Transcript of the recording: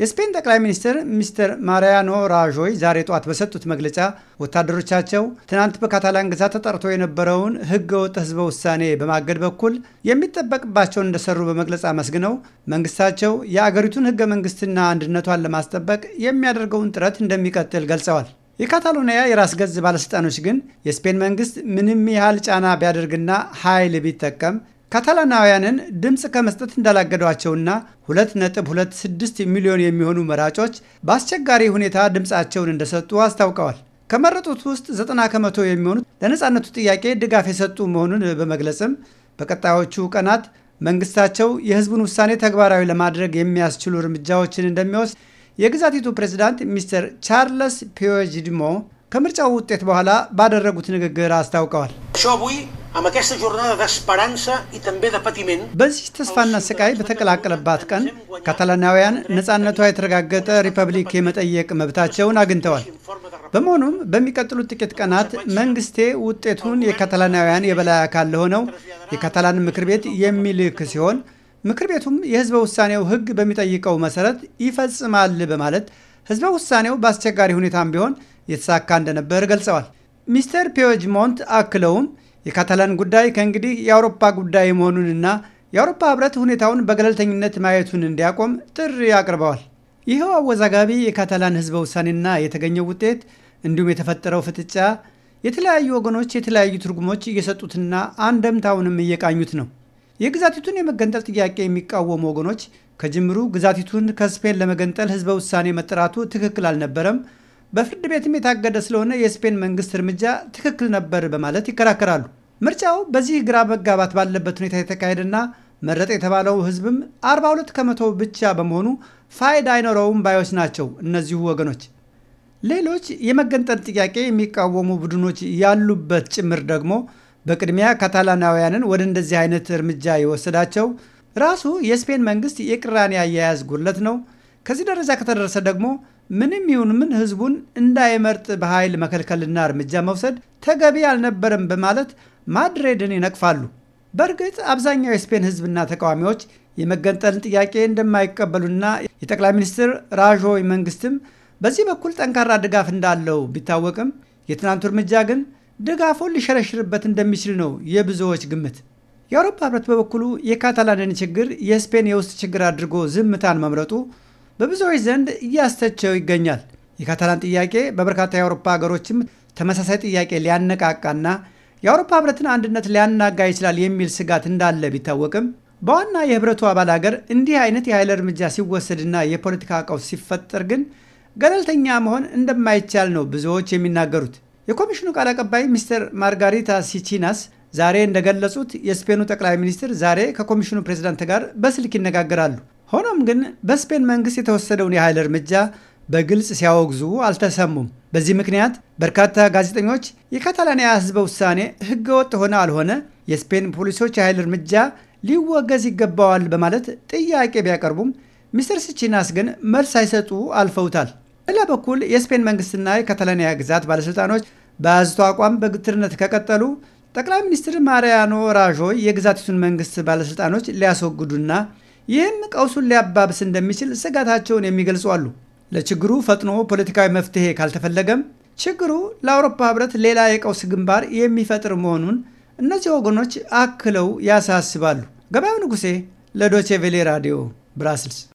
የስፔን ጠቅላይ ሚኒስትር ሚስተር ማሪያኖ ራዦይ ዛሬ ጠዋት በሰጡት መግለጫ ወታደሮቻቸው ትናንት በካታላን ግዛት ተጠርቶ የነበረውን ሕገ ወጥ ህዝበ ውሳኔ በማገድ በኩል የሚጠበቅባቸውን እንደሰሩ በመግለጽ አመስግነው መንግስታቸው የአገሪቱን ሕገ መንግስትና አንድነቷን ለማስጠበቅ የሚያደርገውን ጥረት እንደሚቀጥል ገልጸዋል። የካታሎኒያ የራስ ገዝ ባለሥልጣኖች ግን የስፔን መንግስት ምንም ያህል ጫና ቢያደርግና ኃይል ቢጠቀም ካታላናውያንን ድምፅ ከመስጠት እንዳላገዷቸውና 2.26 ሚሊዮን የሚሆኑ መራጮች በአስቸጋሪ ሁኔታ ድምፃቸውን እንደሰጡ አስታውቀዋል። ከመረጡት ውስጥ 90 ከመቶ የሚሆኑት ለነፃነቱ ጥያቄ ድጋፍ የሰጡ መሆኑን በመግለጽም በቀጣዮቹ ቀናት መንግስታቸው የህዝቡን ውሳኔ ተግባራዊ ለማድረግ የሚያስችሉ እርምጃዎችን እንደሚወስድ የግዛቲቱ ፕሬዚዳንት ሚስተር ቻርለስ ፒዮጅድሞ ከምርጫው ውጤት በኋላ ባደረጉት ንግግር አስታውቀዋል። amb aquesta jornada d'esperança i també de patiment... በዚህ ተስፋና ስቃይ በተቀላቀለባት ቀን ካታላናውያን ነፃነቷ የተረጋገጠ ሪፐብሊክ የመጠየቅ መብታቸውን አግኝተዋል። በመሆኑም በሚቀጥሉት ጥቂት ቀናት መንግስቴ ውጤቱን የካታላናውያን የበላይ አካል ለሆነው የካታላን ምክር ቤት የሚልክ ሲሆን ምክር ቤቱም የህዝበ ውሳኔው ህግ በሚጠይቀው መሰረት ይፈጽማል በማለት ህዝበ ውሳኔው በአስቸጋሪ ሁኔታም ቢሆን የተሳካ እንደነበር ገልጸዋል። ሚስተር ፒዮጅሞንት አክለውም የካታላን ጉዳይ ከእንግዲህ የአውሮፓ ጉዳይ መሆኑንና የአውሮፓ ህብረት ሁኔታውን በገለልተኝነት ማየቱን እንዲያቆም ጥሪ አቅርበዋል። ይኸው አወዛጋቢ የካታላን ህዝበ ውሳኔና የተገኘው ውጤት እንዲሁም የተፈጠረው ፍጥጫ የተለያዩ ወገኖች የተለያዩ ትርጉሞች እየሰጡትና አንደምታውንም እየቃኙት ነው። የግዛቲቱን የመገንጠል ጥያቄ የሚቃወሙ ወገኖች ከጅምሩ ግዛቲቱን ከስፔን ለመገንጠል ህዝበ ውሳኔ መጠራቱ ትክክል አልነበረም በፍርድ ቤትም የታገደ ስለሆነ የስፔን መንግስት እርምጃ ትክክል ነበር በማለት ይከራከራሉ። ምርጫው በዚህ ግራ መጋባት ባለበት ሁኔታ የተካሄደና መረጥ የተባለው ህዝብም 42 ከመቶ ብቻ በመሆኑ ፋይዳ አይኖረውም ባዮች ናቸው እነዚሁ ወገኖች። ሌሎች የመገንጠል ጥያቄ የሚቃወሙ ቡድኖች ያሉበት ጭምር ደግሞ በቅድሚያ ካታላናውያንን ወደ እንደዚህ አይነት እርምጃ የወሰዳቸው ራሱ የስፔን መንግስት የቅራኔ አያያዝ ጉድለት ነው። ከዚህ ደረጃ ከተደረሰ ደግሞ ምንም ይሁን ምን ህዝቡን እንዳይመርጥ በኃይል መከልከልና እርምጃ መውሰድ ተገቢ አልነበረም በማለት ማድሬድን ይነቅፋሉ። በእርግጥ አብዛኛው የስፔን ህዝብና ተቃዋሚዎች የመገንጠልን ጥያቄ እንደማይቀበሉና የጠቅላይ ሚኒስትር ራዦይ መንግስትም በዚህ በኩል ጠንካራ ድጋፍ እንዳለው ቢታወቅም የትናንቱ እርምጃ ግን ድጋፉን ሊሸረሽርበት እንደሚችል ነው የብዙዎች ግምት። የአውሮፓ ህብረት በበኩሉ የካታላንን ችግር የስፔን የውስጥ ችግር አድርጎ ዝምታን መምረጡ በብዙዎች ዘንድ እያስተቸው ይገኛል። የካታላን ጥያቄ በበርካታ የአውሮፓ ሀገሮችም ተመሳሳይ ጥያቄ ሊያነቃቃና የአውሮፓ ህብረትን አንድነት ሊያናጋ ይችላል የሚል ስጋት እንዳለ ቢታወቅም በዋና የህብረቱ አባል ሀገር እንዲህ አይነት የኃይል እርምጃ ሲወሰድና የፖለቲካ ቀውስ ሲፈጠር ግን ገለልተኛ መሆን እንደማይቻል ነው ብዙዎች የሚናገሩት። የኮሚሽኑ ቃል አቀባይ ሚስተር ማርጋሪታ ሲቺናስ ዛሬ እንደገለጹት የስፔኑ ጠቅላይ ሚኒስትር ዛሬ ከኮሚሽኑ ፕሬዝዳንት ጋር በስልክ ይነጋገራሉ። ሆኖም ግን በስፔን መንግስት የተወሰደውን የኃይል እርምጃ በግልጽ ሲያወግዙ አልተሰሙም። በዚህ ምክንያት በርካታ ጋዜጠኞች የካታላንያ ሕዝበ ውሳኔ ህገወጥ ሆነ አልሆነ የስፔን ፖሊሶች የኃይል እርምጃ ሊወገዝ ይገባዋል በማለት ጥያቄ ቢያቀርቡም ሚስተር ስቺናስ ግን መልስ ሳይሰጡ አልፈውታል። በሌላ በኩል የስፔን መንግስትና የካታላንያ ግዛት ባለሥልጣኖች በያዙት አቋም በግትርነት ከቀጠሉ ጠቅላይ ሚኒስትር ማሪያኖ ራዦይ የግዛቲቱን መንግስት ባለሥልጣኖች ሊያስወግዱና ይህም ቀውሱን ሊያባብስ እንደሚችል ስጋታቸውን የሚገልጹ አሉ። ለችግሩ ፈጥኖ ፖለቲካዊ መፍትሄ ካልተፈለገም ችግሩ ለአውሮፓ ህብረት ሌላ የቀውስ ግንባር የሚፈጥር መሆኑን እነዚህ ወገኖች አክለው ያሳስባሉ። ገበያው ንጉሴ ለዶቼ ቬሌ ራዲዮ ብራስልስ